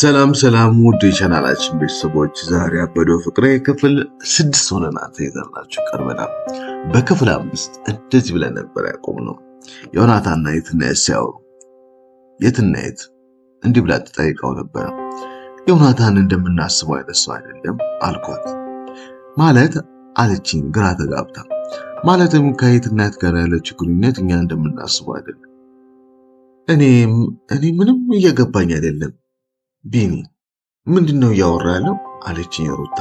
ሰላም ሰላም ውድ የቻናላችን ቤተሰቦች ዛሬ አበዶ ፍቅሬ ክፍል ስድስት ሆነናል ተይዘናችሁ ቀርበናል። በክፍል አምስት እንደዚህ ብለን ነበር ያቆምነው። ዮናታንና የትናየት የት ሲያወሩ የትናየት እንዲህ ብላ ትጠይቀው ነበረ። ዮናታን እንደምናስበው አይነት ሰው አይደለም አልኳት ማለት አለችኝ፣ ግራ ተጋብታ። ማለትም ከየትናየት ጋር ያለችው ግንኙነት እኛ እንደምናስበው አይደለም። እኔም እኔ ምንም እየገባኝ አይደለም ቢኒ ምንድን ነው እያወራ ያለው? አለችኝ ሩታ።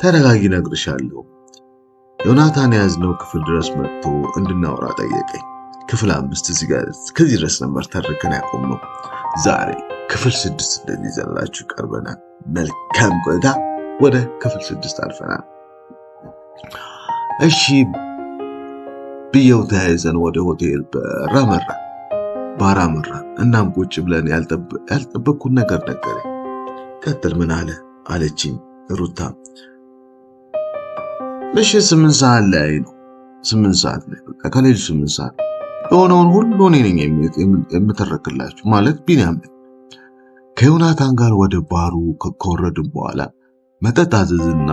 ተረጋጊ፣ ነግርሻለሁ። ዮናታን የያዝነው ክፍል ድረስ መጥቶ እንድናወራ ጠየቀኝ። ክፍል አምስት እዚህ ጋር ከዚህ ድረስ ነበር ተርከን ያቆምነው። ዛሬ ክፍል ስድስት እንደዚህ ይዘንላችሁ ቀርበናል። መልካም ቆይታ። ወደ ክፍል ስድስት አልፈናል። እሺ ብየው ተያይዘን ወደ ሆቴል በራ መራ ባራ መራ። እናም ቁጭ ብለን ያልጠበቅኩን ነገር ነገረኝ። ቀጥል ምን አለ አለችኝ ሩታ። ምሽት ስምንት ሰዓት ላይ ነው ስምንት ሰዓት ላይ በቃ ከሌሉ ስምንት ሰዓት የሆነውን ሁሉ እኔ ነኝ የምተረክላችሁ ማለት ቢኒያም ነኝ። ከዮናታን ጋር ወደ ባሩ ከወረድን በኋላ መጠጥ አዘዝና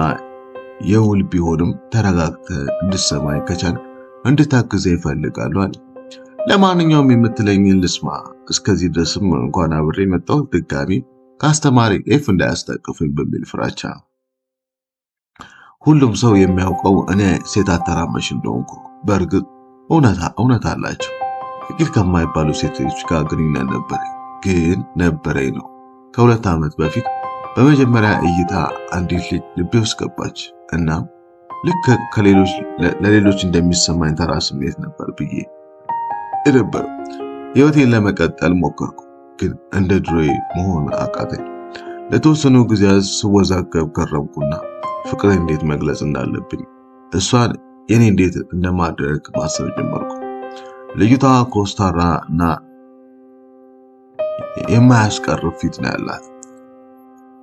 የውል ቢሆንም ተረጋግተ እንድሰማይ ከቻል እንድታግዘ ይፈልጋሉ አለ። ለማንኛውም የምትለኝን ልስማ። እስከዚህ ድረስም እንኳን አብሬ መጣሁ። ድጋሚ ከአስተማሪ ኤፍ እንዳያስጠቅፉኝ በሚል ፍራቻ ሁሉም ሰው የሚያውቀው እኔ ሴት አተራመሽ እንደሆንኩ። በእርግጥ እውነት አላቸው። ጥቂት ከማይባሉ ሴቶች ጋር ግንኙነት ነበረኝ፣ ግን ነበረኝ ነው። ከሁለት ዓመት በፊት በመጀመሪያ እይታ አንዲት ልጅ ልቤ ውስጥ ገባች። እናም ልክ ለሌሎች እንደሚሰማኝ ተራ ስሜት ነበር ብዬ የነበረው። ሕይወቴን ለመቀጠል ሞከርኩ፣ ግን እንደ ድሮዬ መሆን አቃተኝ። ለተወሰኑ ጊዜያት ስወዛገብ ከረምኩና ፍቅር እንዴት መግለጽ እንዳለብኝ እሷን የኔ እንዴት እንደማድረግ ማሰብ ጀመርኩ። ልዩቷ ኮስታራ እና የማያስቀርብ ፊት ነው ያላት።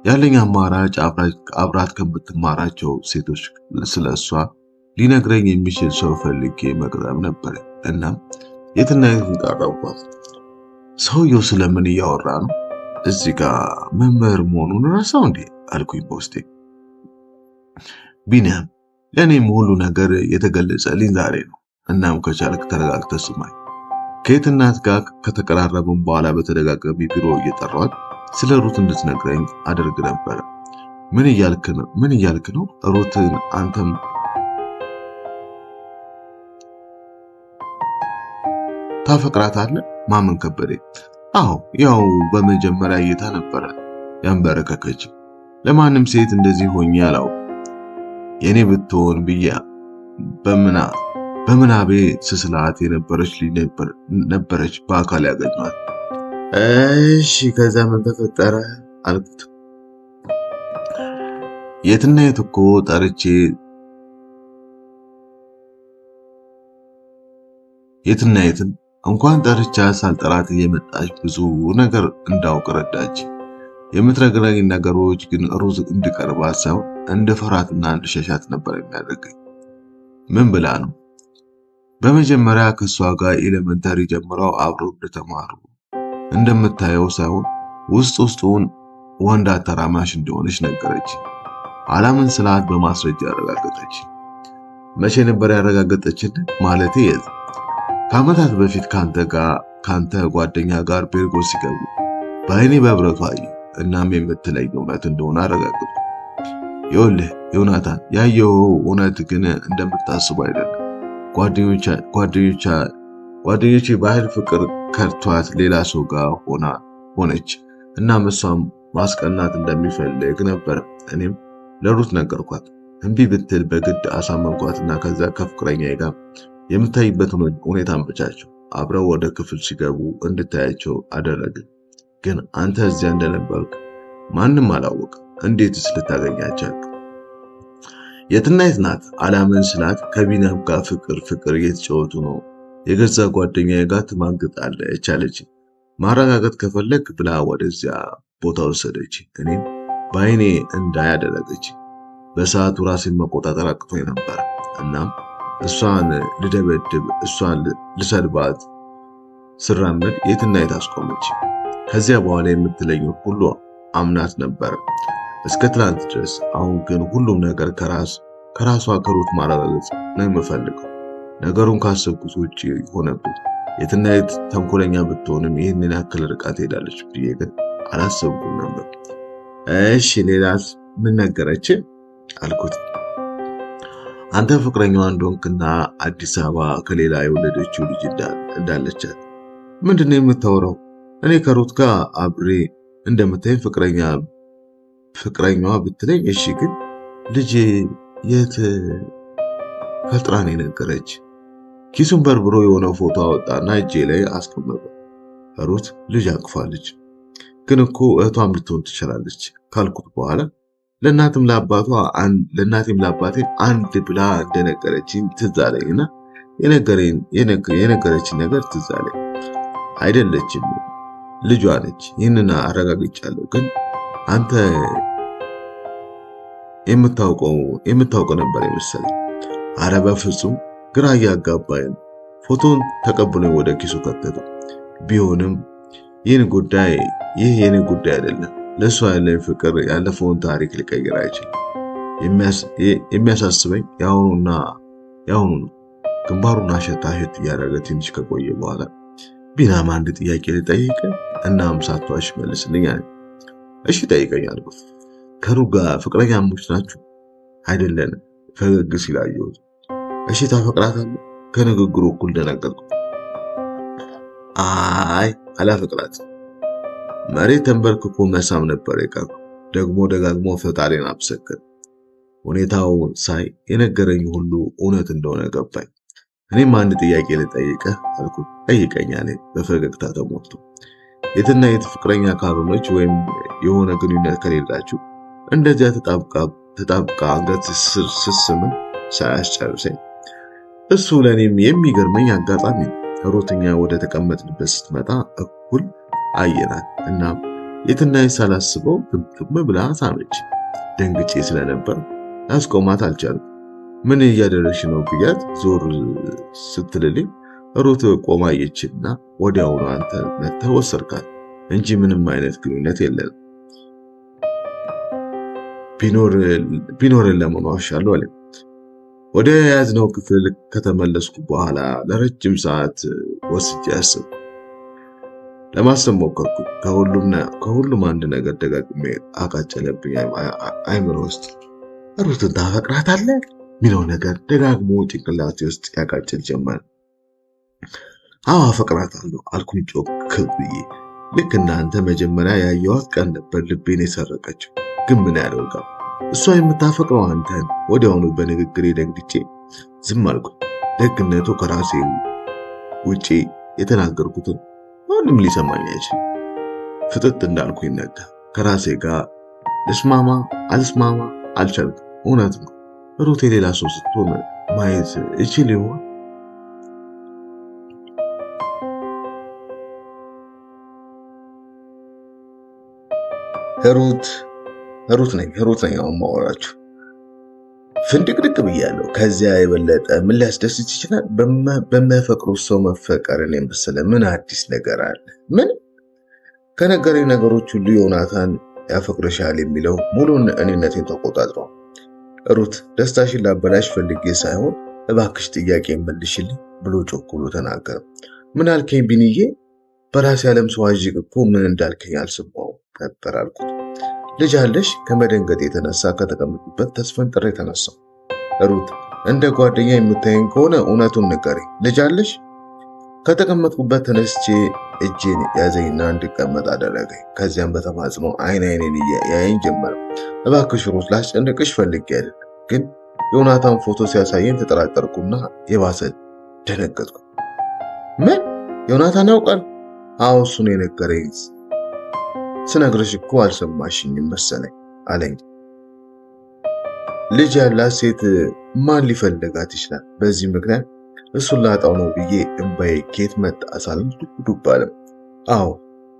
ያለኝ አማራጭ አብራት ከምትማራቸው ሴቶች ስለ እሷ ሊነግረኝ የሚችል ሰው ፈልጌ መቅረብ ነበር እና የትና የትን ጣራባት። ሰውየው ስለምን እያወራ ነው? እዚህ ጋር መምህር መሆኑን ረሳው እንዴ አልኩኝ በውስጤ። ቢኒያም ለእኔም ሁሉ ነገር የተገለጸልኝ ዛሬ ነው። እናም ከቻልክ ተረጋግተህ ስማኝ። ከየት እናት ጋር ከተቀራረብን በኋላ በተደጋጋሚ ቢሮ እየጠሯት ስለ ሩት እንድትነግረኝ አደርግ ነበረ። ምን እያልክ ነው? ሩትን አንተም ታፈቅራታለህ? ማመን ከበደኝ። አዎ ያው በመጀመሪያ እይታ ነበረ ያንበረከከች። ለማንም ሴት እንደዚህ ሆኜ አላውቅም። የኔ ብትሆን ብያ በምና በምናቤ ስስላት የነበረች ልጅ ነበረች። በአካል ያገኘኋት። እሺ ከዛ ምን ተፈጠረ አልኩት። የትና የት እኮ ጠርቼ የትና የትን እንኳን ጠርቻ ሳልጠራት እየመጣች ብዙ ነገር እንዳውቅ ረዳች። የምትነግረኝ ነገሮች ግን ሩዝ እንድቀርባት ሰው እንደ ፍርሃትና እንድሸሻት ነበር የሚያደርገኝ። ምን ብላ ነው? በመጀመሪያ ከእሷ ጋር ኤሌመንተሪ ጀምረው አብረው እንደተማሩ እንደምታየው ሳይሆን ውስጥ ውስጡን ወንድ አተራማሽ እንደሆነች ነገረች። አላምን ስላት በማስረጃ ያረጋገጠች። መቼ ነበር ያረጋገጠችን? ማለቴ የት ከዓመታት በፊት ከአንተ ጋር ከአንተ ጓደኛ ጋር ቤርጎ ሲገቡ በአይኔ በብረቱ አየሁ። እናም የምትለኝ እውነት እንደሆነ አረጋግጡ። ይኸውልህ ዮናታን፣ ያየው እውነት ግን እንደምታስቡ አይደለም። ጓደኞች ባህል ፍቅር ከርቷት ሌላ ሰው ጋር ሆና ሆነች። እናም እሷም ማስቀናት እንደሚፈልግ ነበር። እኔም ለሩት ነገርኳት። እምቢ ብትል በግድ አሳመንኳትና ከዛ ከፍቅረኛ ጋር የምታይበትን ሁኔታ አመቻቸው። አብረው ወደ ክፍል ሲገቡ እንድታያቸው አደረግን። ግን አንተ እዚያ እንደነበርክ ማንም አላወቅም። እንዴትስ ልታገኛቸው? የትና የት ናት? አላምን ስላት ከቢኒያም ጋር ፍቅር ፍቅር እየተጫወቱ ነው። የገዛ ጓደኛ ጋር ትማግጣለች አለች። ማረጋገጥ ከፈለግ ብላ ወደዚያ ቦታ ወሰደች። እኔም በአይኔ እንዳያደረገች በሰዓቱ ራሴን መቆጣጠር አቅቶኝ ነበር። እናም እሷን ልደበድብ እሷን ልሰድባት ስራመድ የትና የት አስቆመች። ከዚያ በኋላ የምትለኝ ሁሉ አምናት ነበር እስከ ትላንት ድረስ። አሁን ግን ሁሉም ነገር ከራስ ከራሷ ከሩት ማረጋገጥ ነው የምፈልገው። ነገሩን ካሰብኩት ውጭ ሆነብኝ። የትና የት ተንኮለኛ ብትሆንም ይህንን ያክል ርቃት ሄዳለች ብዬ ግን አላሰብኩም ነበር። እሺ ሌላስ ምን ነገረች አልኩት። አንተ ፍቅረኛዋ እንደሆንክና አዲስ አበባ ከሌላ የወለደችው ልጅ እንዳለቻት ምንድን ነው የምታወራው? እኔ ከሩት ጋር አብሬ እንደምታይ ፍቅረኛ ፍቅረኛዋ ብትለኝ እሺ፣ ግን ልጅ የት ፈጥራን የነገረች? ኪሱን በርብሮ የሆነ ፎቶ አወጣና እጄ ላይ አስቀመጠ። ሩት ልጅ አቅፋለች፣ ግን እኮ እህቷም ልትሆን ትችላለች ካልኩት በኋላ ለእናትም ለአባቷ ለእናቴም ለአባቴ አንድ ብላ እንደነገረችኝ ትዝ አለኝ እና የነገረችኝ ነገር ትዝ አለኝ። አይደለችም ልጇ ነች፣ ይህንን አረጋግጫለሁ። ግን አንተ የምታውቀው ነበር የመሰለኝ። አረ በፍጹም ግራ እያጋባኝ ነው። ፎቶን ተቀብሎኝ ወደ ኪሱ ከተተው። ቢሆንም ይህን ጉዳይ ይህ የኔ ጉዳይ አይደለም ለእሷ ያለኝ ፍቅር ያለፈውን ታሪክ ሊቀይር አይችልም። የሚያሳስበኝ የአሁኑና የአሁኑ ነው። ግንባሩን አሸት አሸት እያደረገ ትንሽ ከቆየ በኋላ ቢናም አንድ ጥያቄ ልጠይቅ እና ምሳቷሽ መልስልኝ አለ። እሺ ጠይቀኝ አልኩት። ከሩጋ ፍቅረኛሞች ናችሁ? አይደለን። ፈገግ ሲል አየሁት። እሺ ታፈቅራታለህ? ከንግግሩ እኩል ደነገጥኩ። አይ አላፈቅራትም መሬት ተንበርክኮ መሳም ነበር የቀረው። ደግሞ ደጋግሞ ፈጣሪን አመሰገነ። ሁኔታው ሳይ የነገረኝ ሁሉ እውነት እንደሆነ ገባኝ። እኔም አንድ ጥያቄ ልጠይቅህ አልኩ። ጠይቀኝ አለኝ በፈገግታ ተሞልቶ። የትና የት ፍቅረኛ ካልሆነች ወይም የሆነ ግንኙነት ከሌላችሁ እንደዚያ ተጣብቃ አንገት ስስምን ሳያስጨርሰኝ እሱ ለእኔም የሚገርመኝ አጋጣሚ ነው። ሩትኛ ወደ ተቀመጥንበት ስትመጣ እኩል አየናት። እናም የትናይ ሳላስበው ግምግም ብላ ሳመች። ደንግጬ ስለነበር ያስቆማት አልቻልኩም። ምን እያደረሽ ነው ብያት ዞር ስትልልኝ ሩት ቆማ አየችና ወዲያውኑ አንተ መጥተህ ወሰድካት እንጂ ምንም አይነት ግንኙነት የለንም ቢኖርን ለመኖ ለመኗሻሉ አለ። ወደ የያዝነው ክፍል ከተመለስኩ በኋላ ለረጅም ሰዓት ወስጄ አስብ ለማሰብ ሞከርኩ። ከሁሉም አንድ ነገር ደጋግሜ አቃጨለብኝ። አይምሮ ውስጥ ሩትን ታፈቅራታለህ የሚለው ነገር ደጋግሞ ጭንቅላቴ ውስጥ ያቃጭል ጀመር። አዎ አፈቅራታለሁ አልኩኝ ጮክ ብዬ። ልክ እናንተ መጀመሪያ ያየኋት ቀን ነበር ልቤን የሰረቀችው። ግን ምን ያደርጋል እሷ የምታፈቅረው አንተን። ወዲያውኑ በንግግሬ ደንግጬ ዝም አልኩ። ደግነቱ ከራሴ ውጪ የተናገርኩትን ማንም ሊሰማኝ አይችል። ፍጥጥ እንዳልኩ ይነጋ ከራሴ ጋር ልስማማ አልስማማ አልቻልኩም። እውነት ነው ሩት የሌላ ሰው ስትሆን ማየት እችል ይሆን? ሩት ሩት ነኝ ሩት ነኝ ማወራችሁ ፍንድቅድቅ ብያለሁ። ከዚያ የበለጠ ምን ሊያስደስት ይችላል? በማይፈቅሩ ሰው መፈቀር የመሰለ ምን አዲስ ነገር አለ? ምን ከነገረኝ ነገሮች ሁሉ ዮናታን ያፈቅርሻል የሚለው ሙሉን እኔነቴን ተቆጣጥሮ፣ ሩት ደስታሽን ላበላሽ ፈልጌ ሳይሆን እባክሽ ጥያቄ መልሽልኝ ብሎ ጮክ ብሎ ተናገረ። ምን አልከኝ ቢንዬ? በራሴ ዓለም ሰዋዥቅ እኮ ምን እንዳልከኝ አልሰማሁም ነበር አልኩት። ልጅ አለሽ? ከመደንገጥ የተነሳ ከተቀመጡበት ተስፈንጥሬ ተነሳው። ሩት፣ እንደ ጓደኛ የምታየኝ ከሆነ እውነቱን ንገሪ። ልጅ አለሽ? ከተቀመጥኩበት ተነስቼ እጄን ያዘኝና እንድቀመጥ አደረገኝ። ከዚያም በተማጽኖ አይን አይኔን ያየኝ ጀመረ። እባክሽ ሩት፣ ላስጨንቅሽ ፈልጌ አይደለም፣ ግን ዮናታን ፎቶ ሲያሳየን ተጠራጠርኩና የባሰ ደነገጥኩ። ምን? ዮናታን ያውቃል? አዎ እሱን የነገረኝ። ስነግርሽ እኮ አልሰማሽኝም መሰለኝ አለኝ። ልጅ ያላት ሴት ማን ሊፈልጋት ይችላል? በዚህ ምክንያት እሱን ላጣው ነው ብዬ እምባዬ ኬት መጣ ሳልም ዱብ አዎ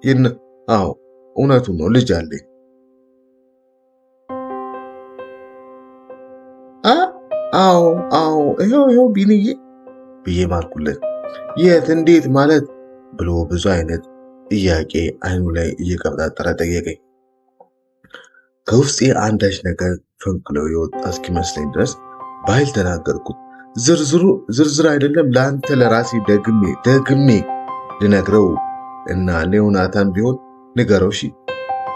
ይህን አዎ እውነቱ ነው ልጅ አለኝ። አዎ አዎ ይኸው ይኸው ቢንዬ ብዬ ማልኩለት። የት እንዴት ማለት ብሎ ብዙ አይነት ጥያቄ አይኑ ላይ እየቀብጣጠረ ጠየቀኝ። ከውስጤ አንዳች ነገር ፈንቅሎ የወጣ እስኪመስለኝ ድረስ በኃይል ተናገርኩት። ዝርዝሩ ዝርዝር አይደለም ለአንተ ለራሴ ደግሜ ደግሜ ልነግረው እና ሌዮናታን ቢሆን ንገረው ሺ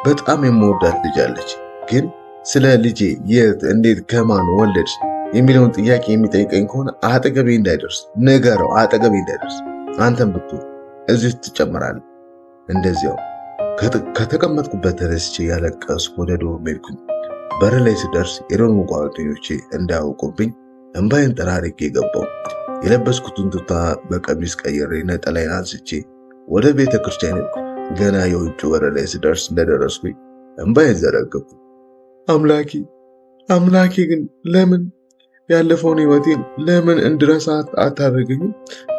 በጣም የምወዳት ልጅ አለች፣ ግን ስለ ልጄ የት፣ እንዴት፣ ከማን ወለድ የሚለውን ጥያቄ የሚጠይቀኝ ከሆነ አጠገቤ እንዳይደርስ ንገረው፣ አጠገቤ እንዳይደርስ። አንተም ብትሆን እዚህ ትጨምራለህ። እንደዚያው ከተቀመጥኩበት ተነስቼ ያለቀስኩ ወደ ዶርም ሄድኩኝ። በር ላይ ስደርስ የዶርም ጓደኞቼ እንዳያውቁብኝ እምባይን ጠራርጌ ገባው። የለበስኩትን ቱታ በቀሚስ ቀይሬ ነጠላይን አንስቼ ወደ ቤተ ክርስቲያን ገና የውጭ በር ላይ ስደርስ እንደደረስኩኝ እምባይን ዘረገብኩ። አምላኪ አምላኪ ግን ለምን ያለፈውን ህይወቴን ለምን እንድረሳ አታደርገኝም?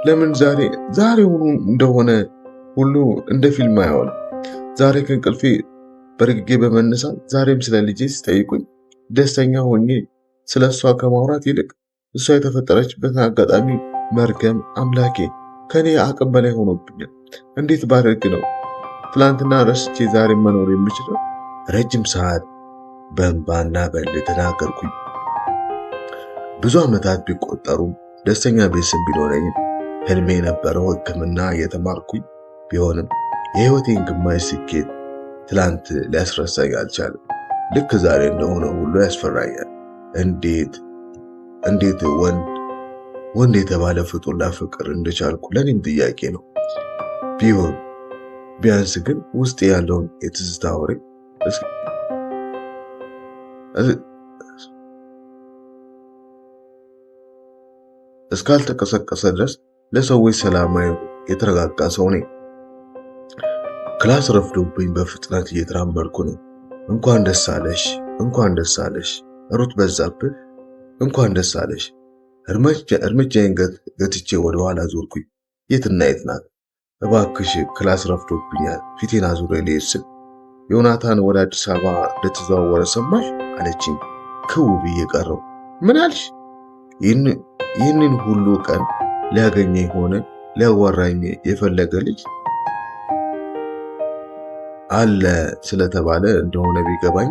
ለምን ዛሬ ዛሬውኑ እንደሆነ ሁሉ እንደ ፊልም አይሆን። ዛሬ ከእንቅልፌ በርግጌ በመነሳት ዛሬም ስለ ልጄ ሲጠይቁኝ ደስተኛ ሆኜ ስለ እሷ ከማውራት ይልቅ እሷ የተፈጠረችበትን አጋጣሚ መርገም አምላኬ ከኔ አቅም በላይ ሆኖብኛል። እንዴት ባደርግ ነው ትላንትና ረስቼ ዛሬ መኖር የምችለው? ረጅም ሰዓት በእንባና በል ተናገርኩኝ። ብዙ ዓመታት ቢቆጠሩም ደስተኛ ቤተሰብ ቢኖረኝም ህልሜ የነበረው ሕክምና እየተማርኩኝ ቢሆንም የህይወቴን ግማሽ ስኬት ትላንት ሊያስረሳኝ አልቻለም። ልክ ዛሬ እንደሆነ ሁሉ ያስፈራኛል። እንዴት እንዴት ወንድ ወንድ የተባለ ፍጡር ፍቅር እንደቻልኩ ለኔም ጥያቄ ነው። ቢሆን ቢያንስ ግን ውስጥ ያለውን የትዝታ ወሬ እስካልተቀሰቀሰ ድረስ ለሰዎች ሰላማዊ የተረጋጋ ሰው ነኝ። ክላስ ረፍዶብኝ በፍጥነት እየተራመድኩ ነው። እንኳን ደስ አለሽ፣ እንኳን ደስ አለሽ ሩት በዛብህ፣ እንኳን ደስ አለሽ። እርምጃዬን ገትቼ ወደ ኋላ ዞርኩኝ። የትና የት ናት? እባክሽ ክላስ ረፍዶብኛል። ፊቴን አዙሬ ልሄድ ስል ዮናታን ወደ አዲስ አበባ እንደተዘዋወረ ሰማሽ አለችኝ። ክው ብዬ ቀረው። ምን አልሽ? ይህንን ሁሉ ቀን ሊያገኘ የሆነ ሊያዋራኝ የፈለገ ልጅ አለ ስለተባለ እንደሆነ ቢገባኝ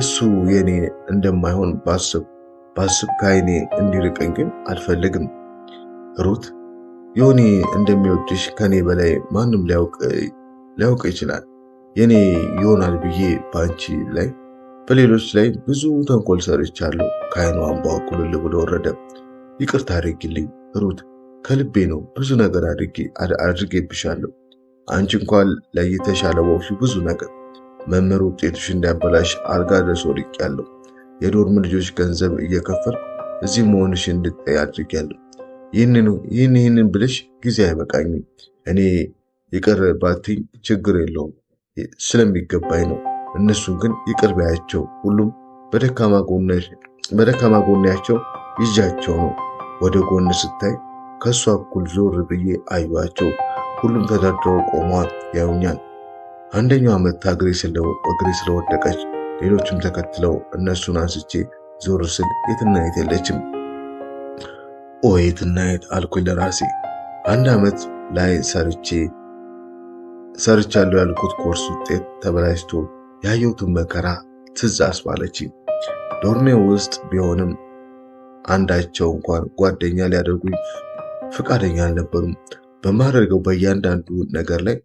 እሱ የኔ እንደማይሆን ባስብ ባስብ ከዓይኔ እንዲርቀኝ ግን አልፈልግም። ሩት ዮኒ እንደሚወድሽ ከኔ በላይ ማንም ሊያውቅ ይችላል። የኔ ይሆናል ብዬ በአንቺ ላይ በሌሎች ላይ ብዙ ተንኮል ሰርቻለሁ። ከዓይኑ አንቧ ቁልል ብሎ ወረደ። ይቅርታ አድርጊልኝ ሩት፣ ከልቤ ነው። ብዙ ነገር አድርጌ አድርጌብሻለሁ አንቺ እንኳን ለይተሽ ያለባብሽው ብዙ ነገር መምህር ውጤትሽ እንዲያበላሽ አልጋ ደርሶ ወድቅ ያለው የዶርም ልጆች ገንዘብ እየከፈል እዚህ መሆንሽ እንድጠይ አድርጊያለሁ። ይህን ይህንን ብለሽ ጊዜ አይበቃኝም። እኔ ይቅር ባትኝ ችግር የለውም ስለሚገባኝ ነው። እነሱ ግን ይቅር ባያቸው ሁሉም በደካማ ጎናቸው ይዣቸው ነው። ወደ ጎን ስታይ ከእሷ እኩል ዞር ብዬ አዩቸው። ሁሉም ተደርድረው ቆሟ ያዩኛል። አንደኛዋ መታ እግሬ ስለወደቀች ሌሎችም ተከትለው እነሱን አንስቼ ዞር ስል የትናየት የለችም። ኦ የትናየት አልኩኝ ለራሴ። አንድ ዓመት ላይ ሰርቼ ሰርቻለሁ ያልኩት ኮርስ ውጤት ተበላሽቶ ያየሁትን መከራ ትዝ አስባለች። ዶርሜ ውስጥ ቢሆንም አንዳቸው እንኳን ጓደኛ ሊያደርጉኝ ፈቃደኛ አልነበሩም። በማደርገው በእያንዳንዱ ነገር ላይ